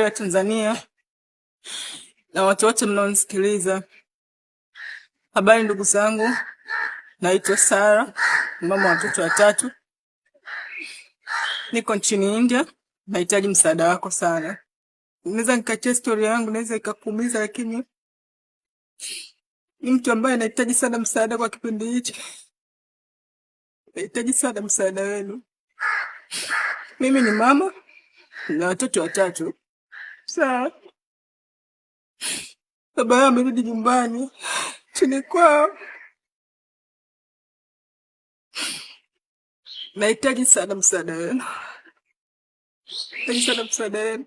ya Tanzania na watu wote mnaonisikiliza, habari ndugu zangu. Naitwa Sara, mama wa watoto watatu, niko nchini India. Nahitaji msaada wako sana. Naweza nikachia stori yangu, naweza ikakuumiza, lakini ni mtu ambaye anahitaji sana msaada kwa kipindi hicho. Nahitaji sana msaada wenu. Mimi ni mama na watoto watatu saa baba yao amerudi nyumbani chini kwao. Nahitaji sana msaada wenu, nahitaji sana msaada wenu.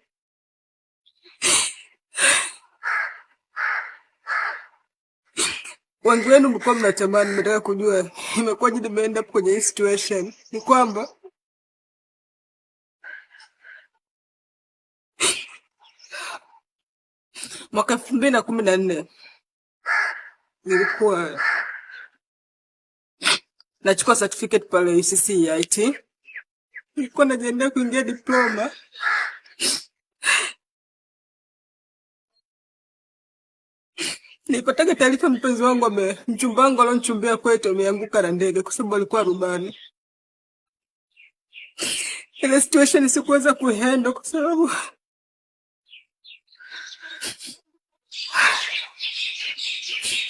Wengi wenu mlikuwa mnatamani, nataka kujua imekuwaje nimeenda kwenye hii situation. Ni kwamba mwaka elfu mbili na kumi na nne nilikuwa nachukua certificate pale UCC ya IT, nilikuwa najiandaa kuingia diploma Nilipataga taarifa mpenzi wangu ame mchumba wangu alonchumbia kwetu ameanguka na ndege, kwa sababu alikuwa rubani. Ile situation sikuweza kuhandle kwa sababu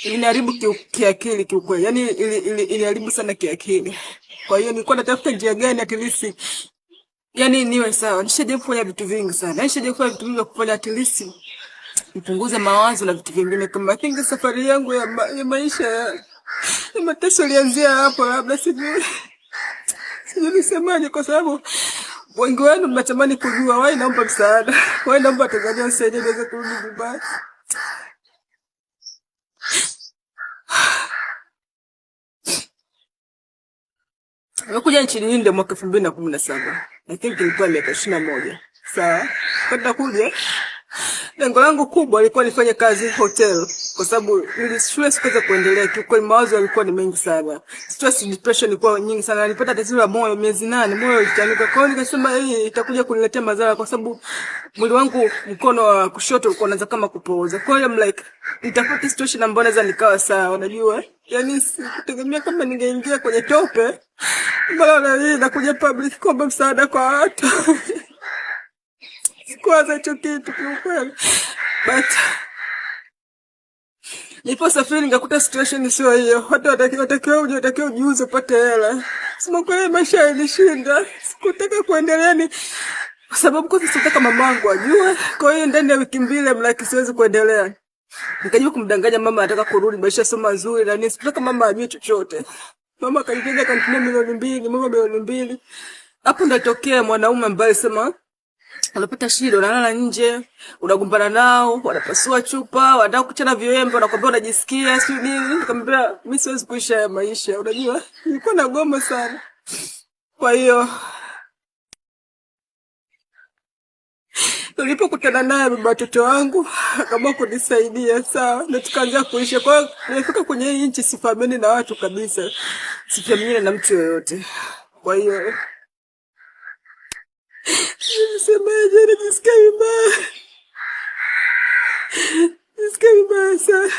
Iniharibu kiakili kiukweli, yani iliharibu sana kiakili. Kwa hiyo nilikuwa natafuta njia gani at least yani niwe sawa. Nishajaribu kufanya vitu vingi sana, yaani nishajaribu kufanya vitu vingi vya kufanya at least nipunguze mawazo na vitu vingine kama. I think safari yangu ya, ma ya maisha ya, ya mateso ilianzia hapo, labda sijui sijui nisemaje, kwa sababu wengi wenu mnatamani kujua. Wai, naomba msaada. Wai, naomba Tanzania nisaidie niweze kurudi nyumbani. Nimekuja nchini India mwaka elfu mbili na kumi na saba. I think ilikuwa miaka ishirini na moja. Sawa. Kwenda kuja lengo langu kubwa ilikuwa nifanye kazi hotel, kwa sababu ili shule sikuweza kuendelea. Kiukweli mawazo yalikuwa ni mengi sana, stress depression ilikuwa nyingi sana. Nilipata tatizo la moyo miezi nane, moyo ulitanuka. Kwa hiyo nikasema hii itakuja kuniletea madhara, kwa sababu mwili wangu mkono wa kushoto ulikuwa unaanza kama kupooza. Kwa hiyo I'm like nitafuta situation ambayo naweza nikawa sawa, unajua, yani sikutegemea kama ningeingia kwenye tope Mbona hii nakuja public kuomba msaada kwa watu? Sikuwaza hicho kitu kiukweli, but nipo safari nikakuta situation sio hiyo. Watu watakiwa uje, watakiwa ujiuze upate hela. Sema kweli, maisha yalishinda, sikutaka kuendelea ni kwa sababu kwanza sitaka mamangu ajue. Kwa hiyo ndani ya wiki mbili mlaki, siwezi kuendelea. Nikajua kumdanganya mama, anataka kurudi, maisha sio mazuri na nini, sikutaka mama ajue chochote mama akanipiga kanitumia milioni mbili mama milioni mbili. Hapo ndatokea mwanaume ambaye sema unapata shida, unalala nje, unagombana nao, wanapasua chupa, wanataka kuchana viwembe, wanakwambia unajisikia siu nini. Nikamwambia mi siwezi kuisha ya maisha, unajua nilikuwa nagoma sana, kwa hiyo Tulipokutana naye baba watoto wangu akaamua kunisaidia sawa, na tukaanza kuisha. Kwa hiyo nilifika kwenye hii nchi sifamini na watu kabisa, sifamini na mtu yoyote. Kwa hiyo nisemeje, najisikia vibaya, najisikia vibaya sana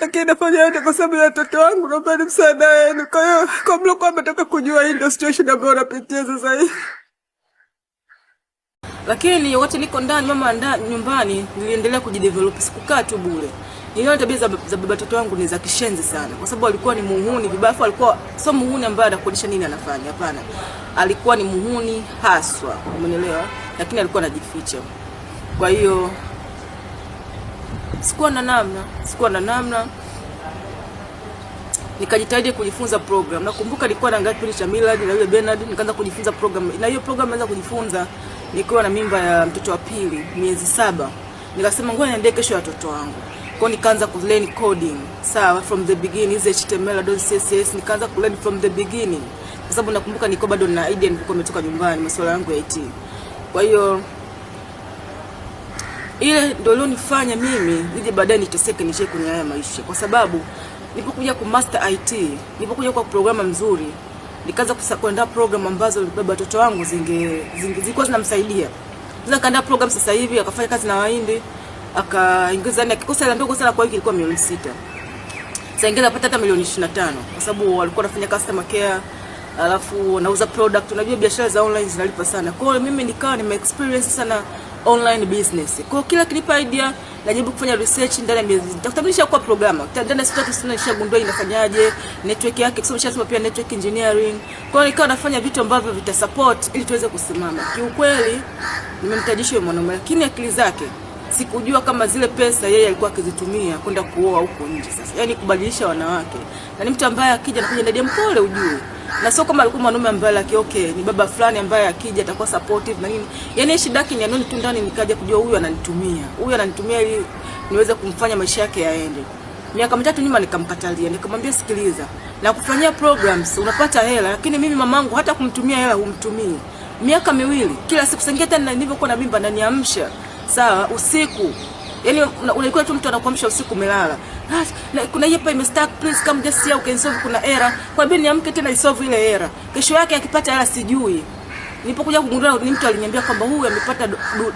lakini nafanya yote kwa sababu ya watoto wangu, naombeni msaada wenu. Kwa hiyo kwa mliokuwa mmetaka kujua, hii ndio situation ambayo napitia sasa hivi, lakini wakati niko ndani mama anda nyumbani niliendelea kujidevelop, sikukaa tu bure. Niliona tabia za, za baba watoto wangu ni za kishenzi sana, kwa sababu alikuwa ni muhuni vibaya. vibafu. Alikuwa sio muhuni ambaye anakuonyesha nini anafanya, hapana, alikuwa ni muhuni haswa, umeelewa? Lakini alikuwa anajificha, kwa hiyo sikuwa na namna, sikuwa na namna, nikajitahidi kujifunza program. Nakumbuka nilikuwa naangalia kipindi cha Millard na yule Bernard, nikaanza kujifunza program, na hiyo program naanza kujifunza nikiwa na mimba ya mtoto wa pili miezi saba. Nikasema ngoja niende kesho ya watoto wangu kwa nikaanza ku learn coding sawa, from the beginning, hizo HTML dot CSS nikaanza ku learn from the beginning, kwa sababu nakumbuka niko bado na idea, nilikuwa nimetoka nyumbani masuala yangu ya IT. Kwa hiyo ile ndio ilionifanya mimi nije baadaye niteseke nishie kwenye haya maisha, kwa sababu nilipokuja ku master IT, nilipokuja kwa programa mzuri, nikaanza kuenda program ambazo baba watoto wangu zinge, zinge zilikuwa zinamsaidia. Sasa kaandaa program sasa hivi akafanya kazi na Wahindi, akaingiza yani kikosa hela ndogo sana kwa wiki ilikuwa milioni sita. Sasa ingeza pata hata milioni 25 kwa sababu walikuwa wanafanya customer care alafu wanauza product. Unajua biashara za online zinalipa sana. Kwa hiyo mimi nikawa nime experience sana online business. Kwa kila kilipa idea najaribu kufanya research ndani ya miezi. Nitakamilisha kwa programu. Ndani ya siku tatu sina nishagundua inafanyaje, network yake kwa sababu pia network engineering. Kwa hiyo nikawa nafanya vitu ambavyo vita support ili tuweze kusimama. Kiukweli nimemtajisha mwanaume lakini akili zake sikujua kama zile pesa yeye alikuwa akizitumia kwenda kuoa huko nje sasa. Yaani kubadilisha wanawake. Na ni mtu ambaye akija anakuja ndani ya mpole ujue na sio kama alikuwa mwanaume ambaye like okay ni baba fulani ambaye akija atakuwa supportive na nini. Yani shida yake ni anoni tu ndani, nikaja kujua huyu ananitumia, huyu ananitumia ili niweze kumfanya maisha yake yaende. Miaka mitatu nyuma nikamkatalia, nikamwambia sikiliza, na kufanyia programs unapata hela, lakini mimi mamangu hata kumtumia hela humtumii. Miaka miwili kila siku sengeta, tena, nilivyokuwa na mimba naniamsha sawa usiku Yaani unaikuwa tu mtu anakuamsha usiku umelala. Kuna hii hapa ime please come just see how can solve, kuna error. Kwa bini niamke tena isolve ile error. Kesho yake akipata hela sijui. Nilipokuja kugundua ni mtu aliniambia kwamba huyu amepata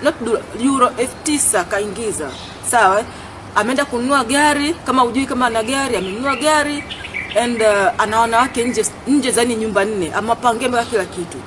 not euro elfu tisa kaingiza. Sawa eh? Ameenda kununua gari, kama ujui kama ana gari, amenunua gari and uh, ana wanawake nje nje zani nyumba nne, amapangemeka kila kitu.